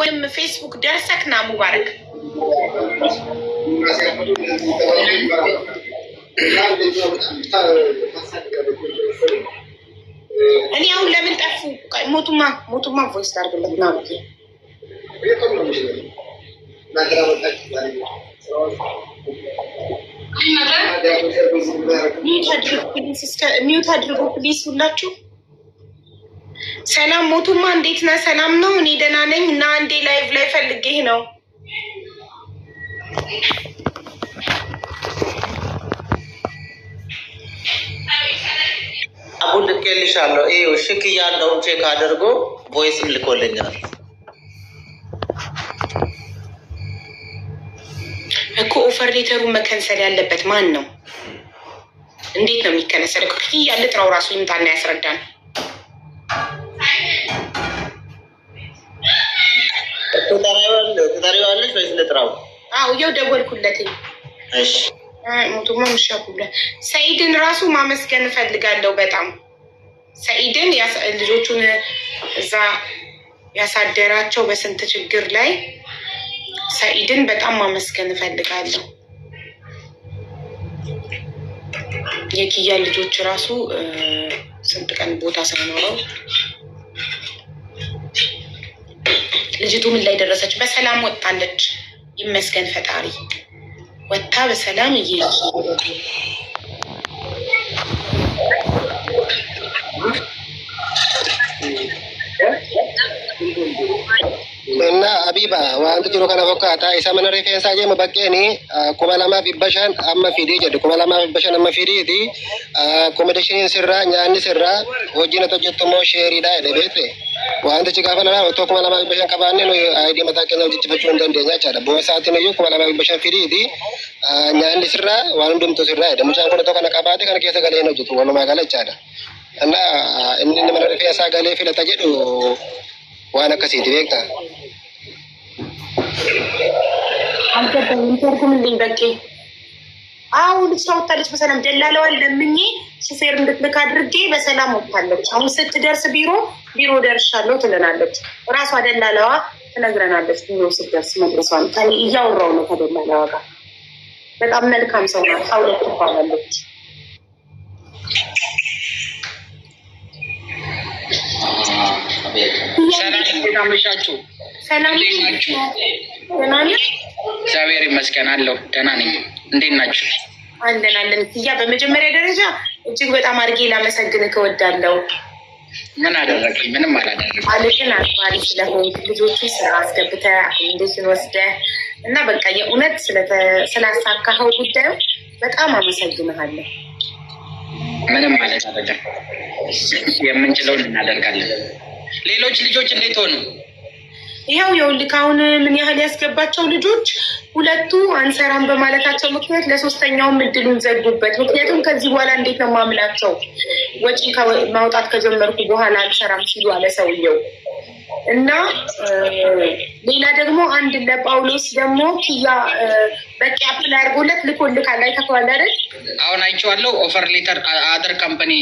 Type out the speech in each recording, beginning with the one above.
ወይም ፌስቡክ ደርሰክ ና ሙባረክ እኔ አሁን ለምን ጠፉ? ሞቱማ ሞቱማ ቮይስ ታርግለት ና ሚዩት አድርጉ ፕሊስ ሁላችሁ ሰላም ሞቱማ፣ እንዴት ነህ? ሰላም ነው። እኔ ደህና ነኝ። እና አንዴ ላይቭ ላይ ፈልጌህ ነው። አሁን ልኬልሻለሁ። ይኸው ሽክ እያለውን ቼክ አድርጎ ቮይስም ልኮልኛል እኮ። ኦፈርሌተሩን መከንሰል ያለበት ማን ነው? እንዴት ነው የሚከነሰለው? ክፍያ ልጥራው ራሱ ይምጣና ያስረዳል። ወይስ ልጥራው? አዎ ያው ደወልኩለትኝ። እሺ ሙቱማ ምሻኩለ ሰኢድን ራሱ ማመስገን እፈልጋለሁ በጣም ሰኢድን ልጆቹን እዛ ያሳደራቸው በስንት ችግር ላይ ሰኢድን በጣም ማመስገን እፈልጋለሁ። የኪያ ልጆች ራሱ ስንት ቀን ቦታ ሳይኖረው ልጅቱ ምን ላይ ደረሰች? በሰላም ወጣለች። ይመስገን ፈጣሪ ወጥታ በሰላም እየ እና አቢባ ዋንት ጅሮ ከነፎካታ ኢሳ መነ ሪፌንሳ ጀመ በቄኒ ኩማ ለማ ፊበሻን አመ ፊዲ ጀዱ ኩማ ለማ ፊበሻን አመ ፊዲ ቲ ኮሜዴሽኒን ስራ ኛኒ ስራ ወጂነ ተጀጥሞ ሼሪዳ ደቤቴ ዋንቶች ጋፈና ወቶ ኩማላማ ቢበሸ ቀባኔ ነው አይዲ መታቀና ጅጅፈቹ እንደንደኛ ቻለ በወሳት ነው ኩማላማ ቢበሸ ፊዲ ዲ ኛን ስራ ዋን ደምቶ ስራ ደም ቻን ኮነ ተከነ ቀባቴ ከነ ከሰ ገለ ነው ጅቱ ወሎ ማጋለ ቻለ እና እንደ መረፈ ያሳ ገለ ፊለ ተጀዱ ዋና ከሲት ቤክታ አንተ ኢንተርኩም ሊንበቂ አሁን እሷ ወታለች በሰላም ደላለዋል ለምኜ ሹፌር እንድትልክ አድርጌ በሰላም ወታለች። አሁን ስትደርስ ቢሮ ቢሮ ደርሻለሁ ትለናለች። እራሷ ደላለዋ ትነግረናለች። ቢሮ ስትደርስ መድረሷን ከኔ እያወራሁ ነው ከደላለዋ ጋር። በጣም መልካም ሰው ናት። አውለት ትባላለች። ሰላም እንዴት አመሻችሁ? እግዚአብሔር ይመስገን አለሁ ደህና ነኝ። እንዴት ናችሁ? አለን እያ በመጀመሪያ ደረጃ እጅግ በጣም አድርጌ ላመሰግንህ እወዳለሁ። ምን አደረግኝ? ምንም አላደረግም። ባልሽን አግባሪ ስለሆንክ ልጆቹ ስራ አስገብተህ አኮሜንዴሽን ወስደህ እና በቃ የእውነት ስላሳካኸው ጉዳዩ በጣም አመሰግንሃለሁ። ምንም ማለት አይደለም። የምንችለውን እናደርጋለን። ሌሎች ልጆች እንዴት ሆኑ? ይኸው የውልክ አሁን ምን ያህል ያስገባቸው ልጆች ሁለቱ አንሰራም በማለታቸው ምክንያት ለሶስተኛውም እድሉን ዘጉበት። ምክንያቱም ከዚህ በኋላ እንዴት ነው ማምላቸው ወጪ ማውጣት ከጀመርኩ በኋላ አንሰራም ሲሉ አለ ሰውየው። እና ሌላ ደግሞ አንድ ለጳውሎስ ደግሞ ክያ በቂ ላይ አድርጎለት ልኮልካል። አይተኸዋል አይደል? አሁን አይቼዋለሁ። ኦፈር ሌተር አደር ካምፓኒ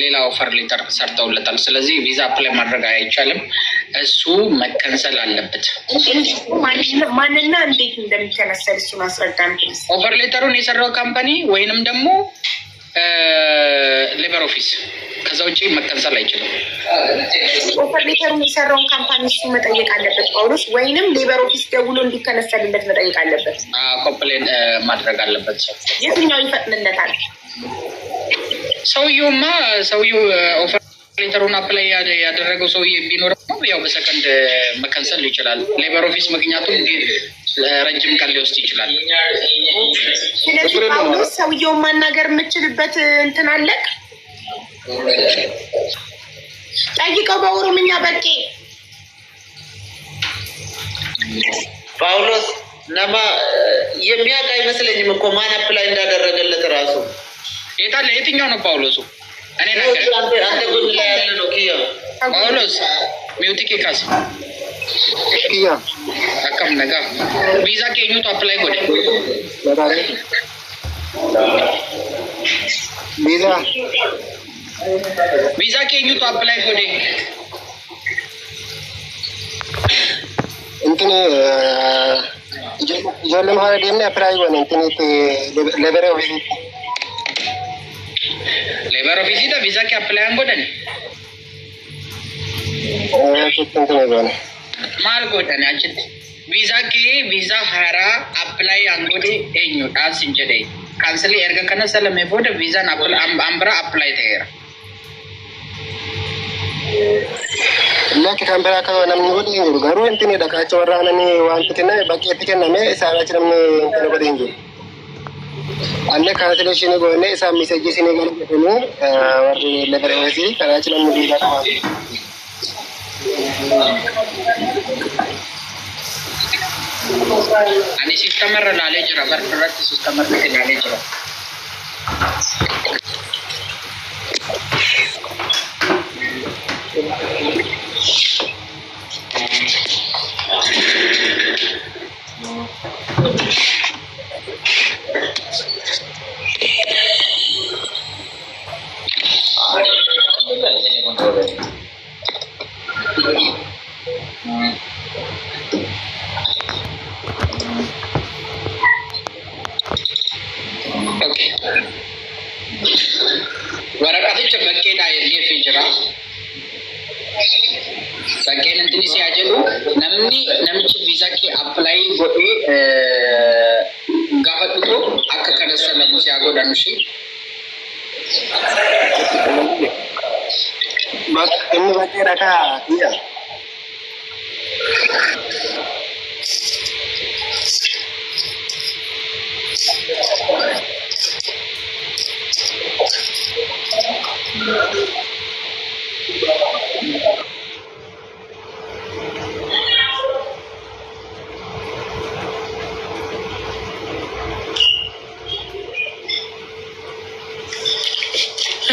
ሌላ ኦፈር ሌተር ሰርተውለታል። ስለዚህ ቪዛ አፕላይ ማድረግ አይቻልም። እሱ መከንሰል አለበት። ማንና እንዴት እንደሚከነሰል እሱን አስረዳ። ኦፈር ሌተሩን የሰራው ካምፓኒ ወይንም ደግሞ ሌበር ኦፊስ ከዛ ውጭ መቀንሰል አይችልም። ኦፐሬተሩ የሰራውን ካምፓኒ እሱ መጠየቅ አለበት ጳውሎስ፣ ወይንም ሌበር ኦፊስ ደውሎ እንዲከነሰልለት መጠየቅ አለበት። ኮምፕሌን ማድረግ አለበት ሰው። የትኛው ይፈጥንለታል? ሰውየውማ ሰውየው ኦፐሬተሩን አፕላይ ያደረገው ሰውዬ ቢኖረው ያው በሰከንድ መከንሰል ይችላል። ሌበር ኦፊስ ምክንያቱም ረጅም ቀን ሊወስድ ይችላል። ስለዚህ ጳውሎስ ሰውየውን ማናገር የምችልበት እንትን አለቅ ጠይቀው በኦሮምኛ በቄ ጳውሎስ ነማ የሚያውቅ አይመስለኝም እኮ ማን አፕላይ እንዳደረገለት ራሱ የታለ? የትኛው ነው ጳውሎሱ? እኔ አንተ ጎን ላይ ያለ ነው ክያ ጳውሎስ ሚውቲ ኬካስ ክያ አካም ነጋ ቪዛ ኬኙቱ አፕላይ ጎደ ቪዛ ቪዛ ኬን ዩ ቱ አፕላይ ፎር ዴግ እንትን ጆለም ሀረድ የምን አፕላይ ሆነ እንትን ሌበር ኦፊስ ሌበር ኦፊስ ቪዛ ኬ አፕላይ አንጎደን ማል ጎደን አጭት ቪዛ ኬ ቪዛ ሀራ አፕላይ አንጎዴ ኤኙ ዳስ እንጀዴ ካንስሌ ኤርገ ከነ ሰለሜ ቪዛን አምብራ አፕላይ ተሄራ Lachi kan biraa kan namni godhe hin jiru. Garuu wanti dhaqaacha waraananii wanti kenname bakkeetti kenname isaanitti namni kana godhe hin jiru. Alle kaansileeshinii goonee isaan misejjisinii galmeeffanuu warri lefereesii tajaajila namni dhiigaa qabaatu. Ani siistamarra ilaalee jira. Barra duratti siistamarratti ilaalee jira. Warat adik cebak kita airnya fitrah. ከጤንንትን ሲያጀሉ ነምኒ ነምች ቪዛኪ አፕላይ ጎዴ ጋፈጥቶ አከ ከደሰነ ሲያጎዳኑ ሺ inni bakkee dhagaa biyya. Thank you.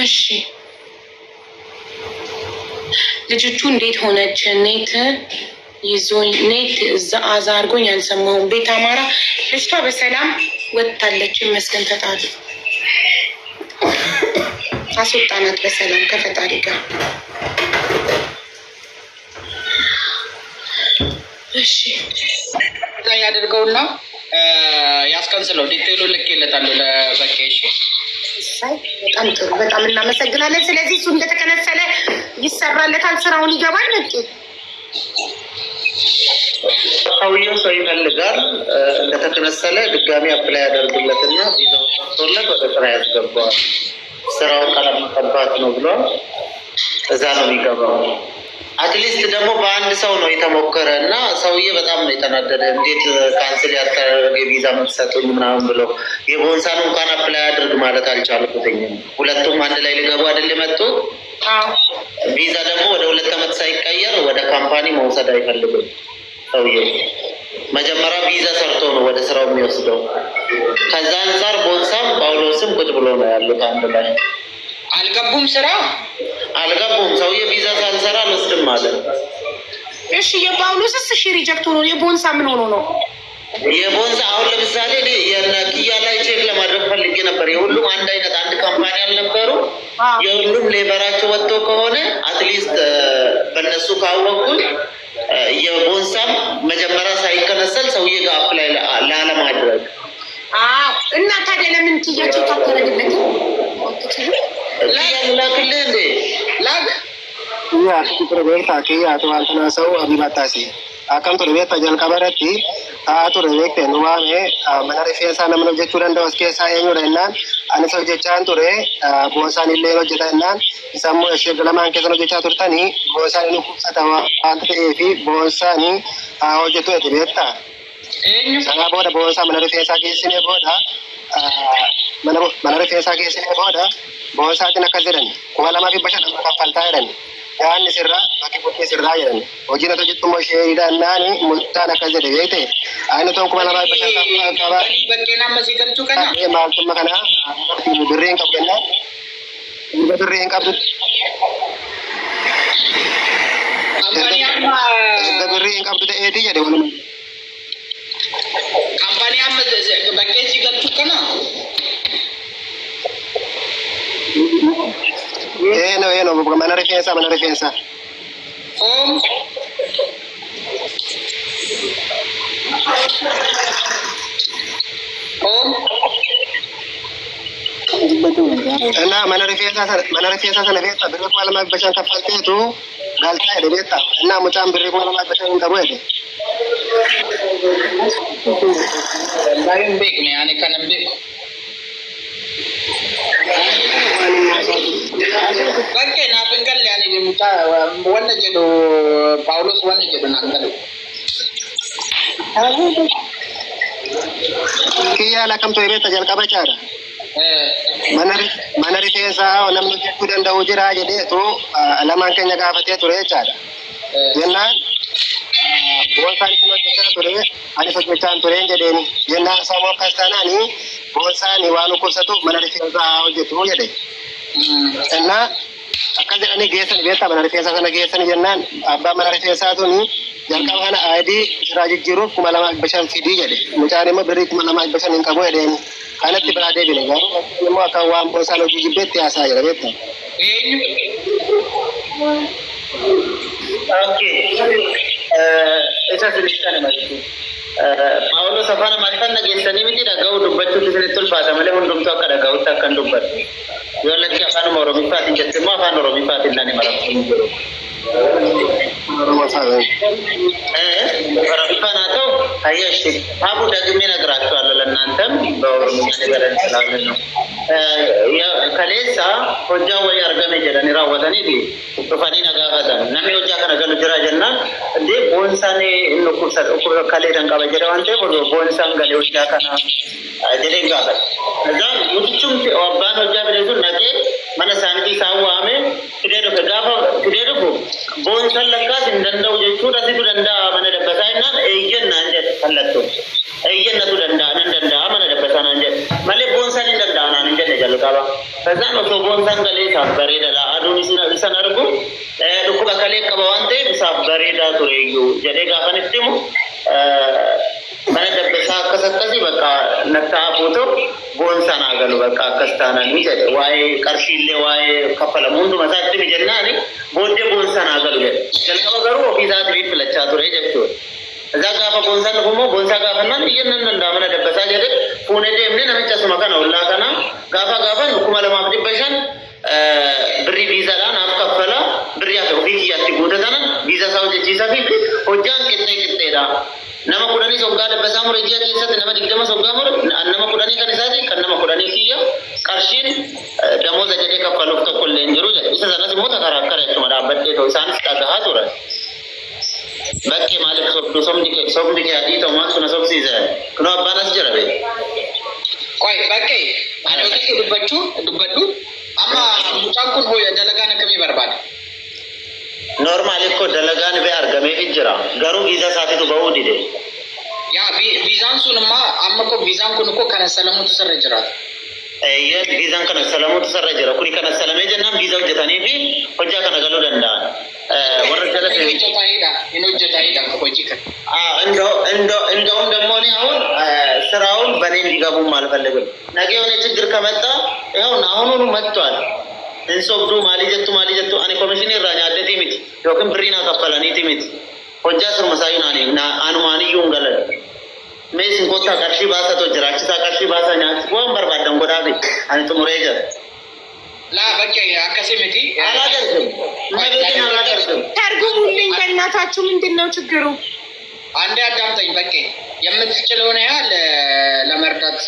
እሺ እንዴት ሆነች? ኔት ይዞ ኔት አዛ አድርጎኝ አልሰማሁም። ቤት አማራ ልጅቷ በሰላም ወጥታለች ይመስገን። ፈጣሪ አስወጣናት በሰላም ከፈጣሪ ጋር። እሺ ያደርገውና ያስቀንስለው ዲቴሉ ልክ ይለታሉ ለበቄ በጣም ጥሩ፣ በጣም እናመሰግናለን። ስለዚህ እሱ እንደተከነሰለ ይሰራለታል፣ ስራውን ይገባል። ነቄ ሰውየው ሰው ይፈልጋል። እንደተከነሰለ ድጋሚ አፕላይ ያደርግለትና ቪዛው ሰርቶለት ወደ ስራ ያስገባዋል። ስራው ቀለም መቀባት ነው ብሏል። እዛ ነው የሚገባው። አትሊስት ደግሞ በአንድ ሰው ነው የተሞከረ እና ሰውዬ በጣም ነው የተናደደ። እንዴት ካንስል ያልተደረገ ቪዛ መሰጡኝ ምናምን ብሎ የቦንሳን እንኳን አፕላይ አድርግ ማለት አልቻልኩትኝም። ሁለቱም አንድ ላይ ሊገቡ አይደል የመጡት። ቪዛ ደግሞ ወደ ሁለት ዓመት ሳይቀየር ወደ ካምፓኒ መውሰድ አይፈልግም ሰውዬ። መጀመሪያ ቪዛ ሰርቶ ነው ወደ ስራው የሚወስደው። ከዛ አንጻር ቦንሳም ጳውሎስም ቁጭ ብሎ ነው ያሉት አንድ ላይ አልገቡም፣ ስራ አልገቡም። ሰውዬ ቪዛ ሳንሰራ አልወስድም አለ። እሺ የጳውሎስስ እሺ ሪጀክት ሆኖ የቦንሳ ምን ሆኖ ነው? የቦንሳ አሁን ለምሳሌ ኪያ ላይ ቼክ ለማድረግ ፈልጌ ነበር። የሁሉም አንድ አይነት አንድ ካምፓኒ አልነበሩ። የሁሉም ሌበራቸው ወጥቶ ከሆነ አትሊስት በእነሱ ካወቁኝ የቦንሳም መጀመሪያ ሳይከነሰል ሰውዬ ጋር አፕላይ ላለማድረግ እና ታዲያ ለምን ትያቸው ታደረግለት Iyyaa asitti ture beektaa kiyyaa tumaan tanaasa'u abibattaasi. Akkam ture beektaa jalqaba irratti ture beektee nu mana rifeensaa namni hojjechuu danda'u as keessaa eenyudha jennaan anis hojjechaan ture boonsaan illee hojjeta jennaan isaan lamaan keessan hojjechaa turtanii boonsaan inni kubsata waanta ta'eef boonsaan hojjetu eti beektaa. Sanaa booda boonsaa mana rifeensaa booda. mana keessaa keessanee booda boonsaatiin akkas jedhan kuma lamaa fi bashan kaffaltaa jedhan yaadni sirraa bakki bultii sirraa jedhan hojiin otoo jettu immoo ishee hidhannaan mul'isaan akkas jedhe beekte ani tuh kuma lamaa fi bashan kaffaltaa Bakkeen amma si galchu kana. Maaltumma kana dirree hin qabu jennaan. Dirba dirree hin qabdu. Dirba dirree hin qabdu ta'eeti jedhe walumaa. Kampaanii amma bakkeen si galchu kana. Ah. Eno eno, bukan mana refensa, mana refensa. Om. Om. Kau tuh betul. mana refensa, mana refensa, mana refsta. Berikut alamat percakapan itu. Gal taller, refsta. Enak, macam berikut alamat percakapan kedua. Enak, berikut alamat percakapan ketiga. Ranke na fin galle ani ni muta wanda je do Paulus wanda je do nan gado. Kiyya la kam to ibe ta jalqaba chaara. Mana rifeensaa namni jechuu danda'u jira jedheetu lamaan keenya gaafatee ture jechaadha. Jennaan boonsaan isin hojjechaa ture anis hojjechaan ture hin jedheeni. Jennaan sammuu akkas taanaanii boonsaani waan dhukkubsatuuf mana rifeensaa hojjetu jedhe. እና akka jedhanii geessan beektaa mana rifeensa sana geessan jennaan abbaan mana rifeensaa tun jalqaba kana aadii irraa jijjiiruuf kuma lama dhibba shan fidii jedhe mucaan immoo birrii kuma lama dhibba shan hin qabu jedheen kanatti biraa deebine garuu immoo akka waan boosaan hojii jibbeetti haasaa jira beektaa. ኦኬ እዛ ዝልሽታ ነው ማለት ነው Paawuloos afaan Amaariffaan dhageessanii miti dhaga'uu dubbachuutu isinitti ulfaata malee hundumtuu akka dhaga'utti akkan dubbatu. Yoo lakki afaanuma Oromiffaati jettee immoo afaan Oromiffaatiin nani maramsiisuu jiru. ረፈና ተው አየሽ፣ አቡ ደግሜ እነግራቸዋለሁ። ለእናንተም ከሌሳ ሆጃ ወይ አርገሜ ጀለን ራወተኒ ዱፋኒ ነጋፈተን ነሚ ሆጃ ከነገሉ ጅራ ጀናን እንዴ ቦንሳኔ እንኩብሰ ከሌ ደንቀበ ጀደ ዋንቴ ቦንሳን ገሌ ሆጃ ከና ጀሌን ጋፈት እዛ ሙትቹም አባን ሆጃ ብለዙ ነጌ mana saanqii saawwaame fidee dhufe gaafa fidee dhufu boon san lakkaas hin danda'u jechuudha situ danda'a mana dabbasaa jennaan eeyyannaan jedhe kallattuun eeyyannatu danda'a nan danda'a mana dabbasaa naan jedhe malee boon san hin danda'a naan hin jedhe jallu qaba ከዛን ኦቶ galee isaaf bareeda laa aduun ሰን argu dhukkuba kalee qaba waan ta'eef isaaf bareedaa ture iyyuu jedhee gaafa ittimu በነገበት ሰዓት ከሰጠሲ በቃ ነታ ፎቶ ቦንሳን ገሉ በቃ ከስታና ሚ ዋይ ቀርሺሌ ዋይ ከፈለ ሙንዱ መሳት ሚጀና ኔ ቦደ ቦንሳን ገሉ ጀ ጀልቀ ገሩ ኦፊሳት ቤት ፍለቻ ቱረ ጀብቶ እዛ ጋፈ ቦንሳን ፉሞ ቦንሳ ጋፈና እየነነ እንዳመነ ደበሳ ጀደ ፉነደ ምን ነመጫ ስመከ ነው ላከና ጋፋ ጋፋ ኩመ ለማብዲ በሸን ብሪ ቪዛዳን አፍከፈላ ብሪያ ኦፊስ ያቲ ጎተታና ቪዛ ሳውጀ ጂሳፊ ሆጃን ቅጤ ቅጤዳ nama kudhanii soggaa dabbasaa mure ji'a keessatti nama digdama soggaa mure nama kudhanii kan isaati kan nama kudhanii kiyya qarshiin damooza jedhee kaffaluuf tokko illee hin jiru jedhe isa sanas immoo takara akkara jechuudha dhaabbadhee ta'u isaanis dhagahaa turan. Bakkee maaliif sobdu sobdi kee adii ta'u maal suna sobsiisa kunoo abbaan as jira bee. Qoy bakkee ani ofitti dubbachuu dubbadhu amma mucaan kun hooya dalagaan akkamii barbaada? Normaal eekkoo dalagaan ba'e argamee fi jira. Garuu viizaa isaatiitu ba'uu dide. Yaa viizaan sun immoo amma koo viizaan kun koo kana salamuutu sirra jira. Eeyyee viizaan kana salamuutu sirra jira. Kuni kana salamee jennaan viizaa hojjetanii fi hojjaa kana galuu danda'an. Warra jala ta'e. Inni hojjetaayidha hojii kana. እንደውም ደግሞ እኔ አሁን ስራውን በእኔ እንዲገቡ አልፈልግም። ነገ የሆነ ችግር ከመጣ ይኸውን አሁኑኑ መጥቷል። hinsobduu maalii jettu maalii jettu ani komishinii irraa nyaaddetii miti yookiin birrii naa kaffalaniiti miti hojjaa sirmasaayu anumaaniyyuu hin galan mee isin kottaa qarshii baasatoo jiraachisaa qarshii baasaa nyaatti waan barbaadan godhaafi ani xumuree jala. laa bakka akkasii miti. Alagargam መሬትን አላደርግም። ተርጉሙልኝ በእናታችሁ፣ ምንድን ነው ችግሩ? አንዴ አዳምጠኝ። በቄ የምትችለውን ያህል ለመርዳት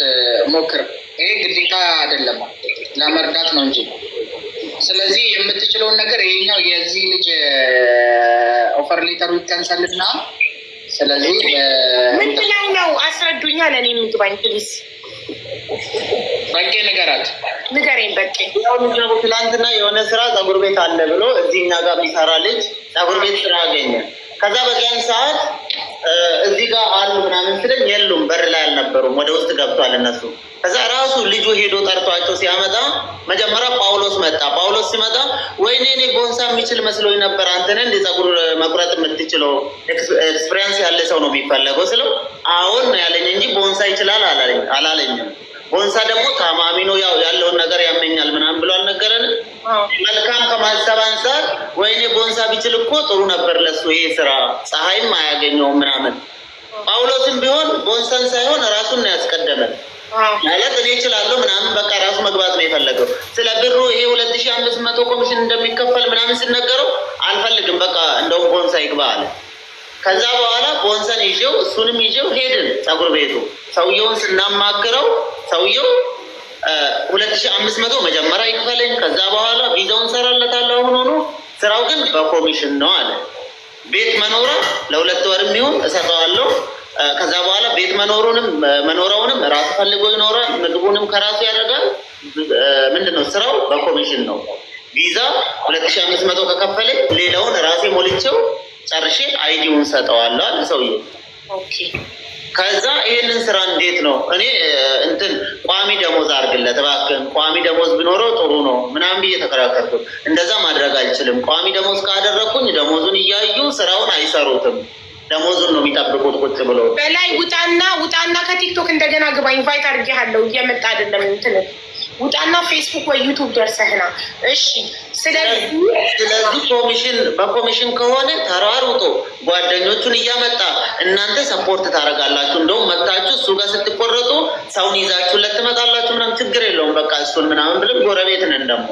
ሞክር። ይሄ ግዴታ አይደለም፣ ለመርዳት ነው እንጂ ስለዚህ የምትችለውን ነገር ይሄኛው የዚህ ልጅ ኦፈር ሌተሩ ይታንሳልና፣ ስለዚህ ምንድን ላይ ነው አስረዱኛ። ለእኔ የምግባኝ ፕሊስ በቄ ንገራት፣ ንገሬን በቄ። ትላንትና የሆነ ስራ ጸጉር ቤት አለ ብሎ እዚህ እኛ ጋር የሚሰራ ልጅ ጸጉር ቤት ስራ አገኘ። ከዛ በቀን ሰዓት እዚህ ጋር አሉ ምናምን ስለኝ የሉም፣ በር ላይ አልነበሩም፣ ወደ ውስጥ ገብቷል እነሱ። ከዛ ራሱ ልጁ ሄዶ ጠርቷቸው ሲያመጣ መጀመሪያ ጳውሎስ መጣ። ጳውሎስ ሲመጣ ወይኔ እኔ ቦንሳ የሚችል መስሎኝ ነበር፣ አንተ እንደ ጸጉር መቁረጥ የምትችለው ኤክስፔሪንስ ያለ ሰው ነው የሚፈለገው ስለው አሁን ያለኝ እንጂ ቦንሳ ይችላል አላለኝም። ቦንሳ ደግሞ ታማሚ ነው ያለውን ነገር ያመኛል ምናምን ብሎ አልነገረንም። መልካም ከማሰብ አንጻር ወይኔ ቦንሳ ቢችል እኮ ጥሩ ነበር ለሱ ይሄ ስራ ፀሐይም አያገኘውም ምናምን። ጳውሎስም ቢሆን ቦንሳን ሳይሆን ራሱን ነው ያስቀደመ። ማለት እኔ እችላለሁ ምናምን በቃ ራሱ መግባት ነው የፈለገው። ስለ ብሩ ይሄ ሁለት ሺ አምስት መቶ ኮሚሽን እንደሚከፈል ምናምን ስነገረው አልፈልግም በቃ እንደውም ቦንሳ ይግባ አለ። ከዛ በኋላ ቦንሰን ይዤው እሱንም ይዤው ሄድን ፀጉር ቤቱ። ሰውየውን ስናማክረው ሰውየው ሁለት ሺህ አምስት መቶ መጀመሪያ ይክፈለኝ፣ ከዛ በኋላ ቪዛውን ሰራለታለሁ። አሁን ሆኖ ስራው ግን በኮሚሽን ነው አለ። ቤት መኖሪያ ለሁለት ወር የሚሆን እሰጠዋለሁ። ከዛ በኋላ ቤት መኖሩንም መኖረውንም ራሱ ፈልጎ ይኖራል። ምግቡንም ከራሱ ያደርጋል። ምንድን ነው ስራው በኮሚሽን ነው። ቪዛ ሁለት ሺ አምስት መቶ ከከፈለኝ ሌላውን ራሴ ሞልቼው ጨርሼ አይዲውን ሰጠዋለሁ አለ ሰውዬ። ከዛ ይህንን ስራ እንዴት ነው እኔ እንትን ቋሚ ደሞዝ አድርግለት እባክህን፣ ቋሚ ደሞዝ ብኖረው ጥሩ ነው ምናምን ብዬ ተከራከርኩ። እንደዛ ማድረግ አልችልም። ቋሚ ደሞዝ ካደረግኩኝ ደሞዙን እያዩ ስራውን አይሰሩትም። ደሞዙን ነው የሚጠብቁት ቁጭ ብሎ በላይ ውጣና ውጣና ከቲክቶክ እንደገና ግባ ኢንቫይት አድርጌሃለሁ እየመጣ አይደለም እንትን ውጣና ፌስቡክ ወይ ዩቱብ ደርሰህና። እሺ፣ ስለዚህ ኮሚሽን በኮሚሽን ከሆነ ተሯሩጦ ጓደኞቹን እያመጣ እናንተ ሰፖርት ታደርጋላችሁ። እንደውም መታችሁ እሱ ጋር ስትቆረጡ ሰውን ይዛችሁለት ትመጣላችሁ ምናምን፣ ችግር የለውም በቃ እሱን ምናምን ብለን ጎረቤት ነን ደግሞ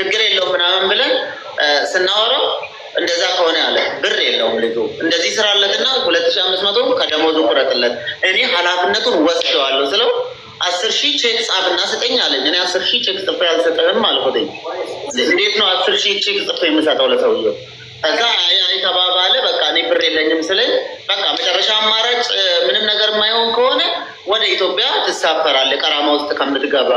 ችግር የለውም ምናምን ብለን ስናወራው እንደዛ ከሆነ ያለ ብር የለውም ልጁ እንደዚህ ስራለትና ሁለት ሺ አምስት መቶ ከደሞዙ ቁረጥለት እኔ ኃላፊነቱን ወስደዋለሁ ስለው አስር ሺህ ቼክ ጻፍና ስጠኝ አለኝ። እኔ አስር ሺህ ቼክ ጽፌ አልሰጠህም አልኩትኝ። እንዴት ነው አስር ሺህ ቼክ ጽፌ የምሰጠው ለሰውየው? ከዛ ተባባለ። በቃ እኔ ብር የለኝም ስለኝ፣ በቃ መጨረሻ አማራጭ ምንም ነገር የማይሆን ከሆነ ወደ ኢትዮጵያ ትሳፈራለህ ቀራማ ውስጥ ከምትገባ።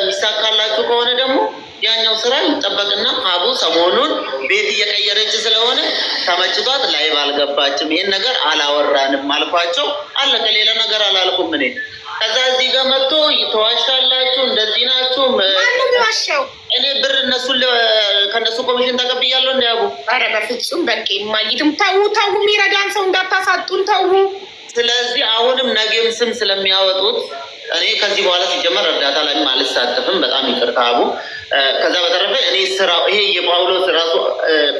የሚሳካላችሁ ከሆነ ደግሞ ያኛው ስራ ይጠበቅና ሀቡ ሰሞኑን ቤት እየቀየረች ስለሆነ ተመችቷት ላይብ አልገባችም። ይህን ነገር አላወራንም አልኳቸው። አለቀ። ሌላ ነገር አላልኩም እኔ ከዛ እዚህ ጋር መጥቶ ተዋሻላችሁ፣ እንደዚህ ናችሁ። እኔ ብር እነሱ ከእነሱ ኮሚሽን ተቀብያለሁ እንዲያቡ። ኧረ በፍጹም በቃ የማይትም ተዉ፣ ተዉ፣ የሚረዳን ሰው እንዳታሳጡን ተዉ። ስለዚህ አሁንም ነገም ስም ስለሚያወጡት እኔ ከዚህ በኋላ ሲጀመር እርዳታ ላይ አልሳተፍም። በጣም ይቅርታ አቡ። ከዛ በተረፈ እኔ ስራ ይሄ የጳውሎስ ራሱ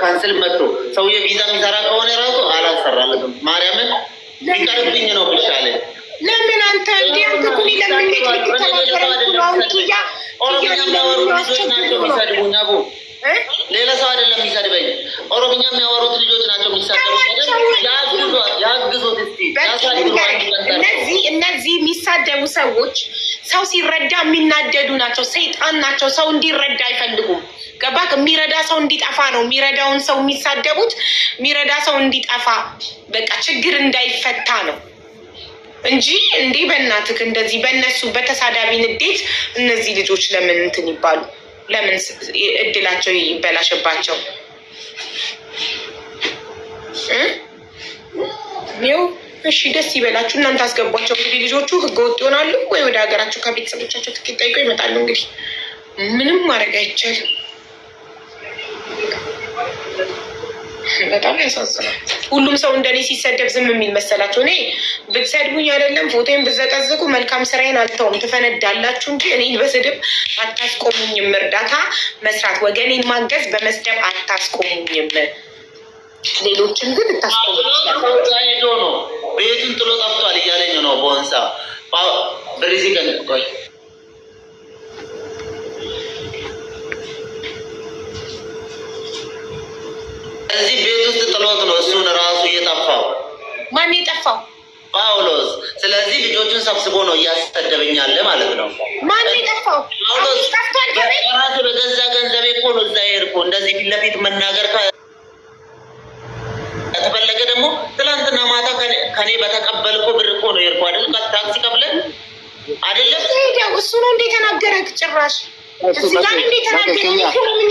ካንስል መጥቶ ሰውዬ ቪዛ የሚሰራ ከሆነ ራሱ አላሰራለትም። ማርያምን ሊቀርብኝ ነው ብሻለኝ ለምን አንተ እንደ አንተ ለምን ሌላ ሰው አይደለም የሚሰድበኝ። ኦሮምኛ የሚያወሩት ልጆች ናቸው እነዚህ እነዚህ የሚሳደቡ ሰዎች ሰው ሲረዳ የሚናደዱ ናቸው። ሰይጣን ናቸው። ሰው እንዲረዳ አይፈልጉም። ገባክ? የሚረዳ ሰው እንዲጠፋ ነው የሚረዳውን ሰው የሚሳደቡት። የሚረዳ ሰው እንዲጠፋ በቃ ችግር እንዳይፈታ ነው። እንጂ እንዴ በእናትህ እንደዚህ በእነሱ በተሳዳቢ ንዴት እነዚህ ልጆች ለምን እንትን ይባሉ? ለምን እድላቸው ይበላሽባቸው? ው እሺ፣ ደስ ይበላችሁ። እናንተ አስገቧቸው። እንግዲህ ልጆቹ ህገ ወጥ ይሆናሉ ወይ ወደ ሀገራቸው ከቤተሰቦቻቸው ትኬት ጠይቀው ይመጣሉ። እንግዲህ ምንም ማድረግ አይቻልም። በጣም ያሳዝናል። ሁሉም ሰው እንደኔ ሲሰደብ ዝም የሚል መሰላቸው? እኔ ብትሰድቡኝ አይደለም ፎቶዬን ብዘቀዝቁ መልካም ስራዬን አልተውም፣ ትፈነዳላችሁ እንጂ እኔ በስድብ አታስቆሙኝም። እርዳታ መስራት፣ ወገኔን ማገዝ በመስደብ አታስቆሙኝም። ሌሎችን ግን እታስቆሙሄዶ ነው ቤትን ጥሎ ጠፍቷል እያለኝ ነው በወንሳ ብሪዚ ቀን ቆይ እዚህ ቤት ውስጥ ጥሎት ነው እሱን ራሱ እየጠፋው። ማን የጠፋው? ጳውሎስ። ስለዚህ ልጆቹን ሰብስቦ ነው እያስሰደበኛለ ማለት ነው። ማን የጠፋው? ራሱ በገዛ ገንዘቤ እኮ ነው እዛ ሄድኩ። እንደዚህ ፊት ለፊት መናገር ከተፈለገ ደግሞ ትላንትና ማታ ከኔ በተቀበልኮ ብር እኮ ነው ሄድኩ አይደል? ታክሲ ከፍለን አይደለም ሄደው እሱ ነው እንዴ ተናገረክ? ጭራሽ እዚህ ጋር እንዴ ተናገረ? ነው ስለሆነ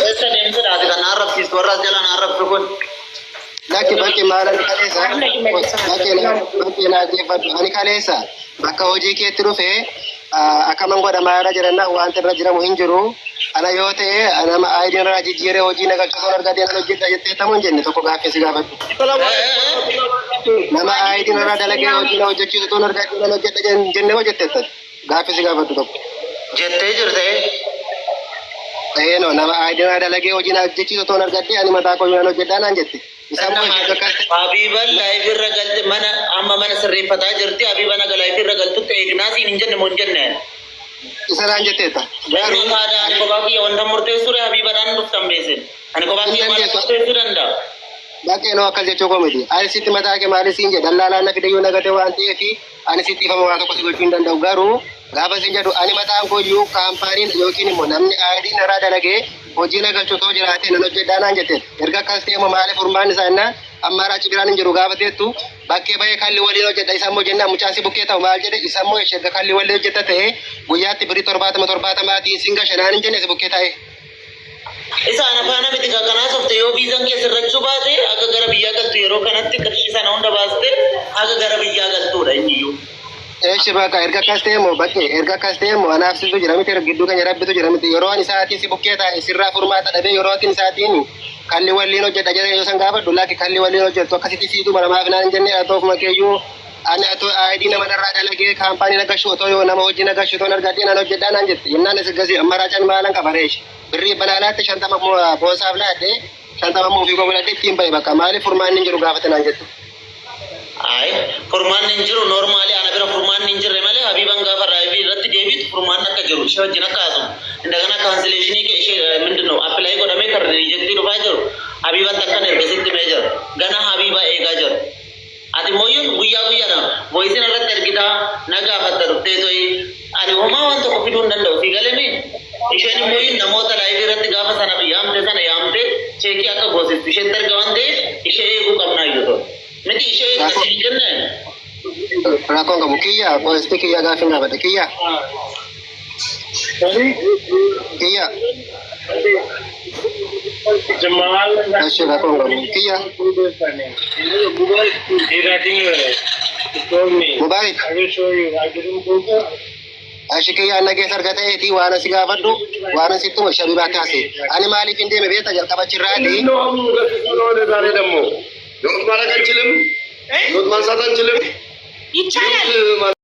president raadiga naarrabsiisu warra as jala naarrabsu kun. Bakki bakki maalan kaleessa. Bakki naa jeeffadhu ani kaleessa bakka hojii keetti dhufee akkaman godha maala jedhanna wanta irra jiramu hin jiru. Ana yoo ta'e nama aayidiin irraa jijjiiree hojii nagalchisuun argatee nan hojjedha jettee tamu hin jenne tokko gaaffii si gaafadhu. Nama aayidiin irraa dalagee hojii na hojjechiisuun argatee nan hojjedha jenne hojjettee gaaffii si gaafadhu tokko. Jettee jirte. Eno nama aydina dalagee hojiin hojjechii otoo hin argadde ani mataa koo yookaan hojjedhaa naan jette. Habiiban laayifirra galte mana amma mana sirreeffataa jirti habiiban aga laayifirra galtutti eegnaasiin hin jenne moo hin jenne. Isa naan jetteetta. Garuu taadaan ani kophaa kiyya wanta murteessuudha habiibadhaan dhuftan beesen. Ani kophaa kiyya maal murteessuu danda'a? Baqqeenoo akkas jechuu koo miti. Ani sitti mataa kee maaliif siin jedha dallaan aanna fide yoo nagatee waan ta'eef ani sitti ifama waa tokko si gochuu hin danda'u garuu Gaafasiin jedhu ani mataan kooyyuu kaampaaniin yookiin immoo namni aayidii narraa dalagee hojii nagalchu otoo jiraatee nan hojjedhaanaan jette erga akkas ta'e immoo maaliif furmaanni isaa innaan ammaara achi biraan hin jiru gaafateettu bakkee bahee kalli waliin hojjedha isa immoo jennaan mucaan si bukkee ta'u maal jedhe isa immoo ishee kalli waliin hojjeta ta'ee guyyaatti birii torbaatama torbaatamaati singa shanaan hin jenne si bukkee ta'e. Isaan afaana miti kakanaas of ta'ee ofiisan keessarrachuu baate akka gara biyyaa galtu yeroo kanatti qarshii sana hunda baaste akka gara biyyaa galtuudha inni iyyuu. eh shiba ka erga kaste mo bakke erga kaste mo ana afsi to jira mitere giddu kan yarabbe to jira mitere yoro ani saati eh, si bukke ta sirra furma ta dabe yoro tin saati ni kalli walli no jeda jere yo sanga ba dulla ke kalli walli no jeto kasi ti fiidu mara ma fina en jenne ato fuma ke yu ani ato ah, aidi na mana rada lege kampani na gashu to yo na mo jina gashu to nar gadi na no jeda na jeti inna ne sigasi amara chan malan ka bare shi birri shanta ma mo bo sabla de shanta ma mo fi ko bala de timbay ba ka mari furma en jeru gafata na Ayi furmaanni hin jiru noormaali ana bira furmaanni hin jirre malee habiiban gaafa raayivii irratti deebiitu furmaanni akka jiru ishee wajjin akka haasawu indagana kaansileeshinii kee ishee mindin no appilaayi godhamee kan riijettii dhufaa jiru habiibatti akka nervesitti mee jiru gana habiibaa eegaa jiru. Ati mooyyuun guyyaa guyyaadhaan booyisin irratti ergitaa na gaafatta dhuftee to'ii ani homaa waan tokko fiduu hin danda'u fi galemi isheen mooyyuun namoota laayivii irratti gaafa sana yaamte sana yaamte cheekii akka goosiftu isheetti arga. nakonga mukiya konsikiya gafi nabade kiya kiya Nashe nakonga mukiya Mubarak ashike yaannagee sargata eetii waan asi gaafadhu waan asittuma shabiba kaase ani maaliif hin deeme beeta jalqabachirraa dhii. Inni homu gafi sunoone baare dammo. Yoo mara kan cilamu. ኖት ማንሳት አንችልም ይቻላል።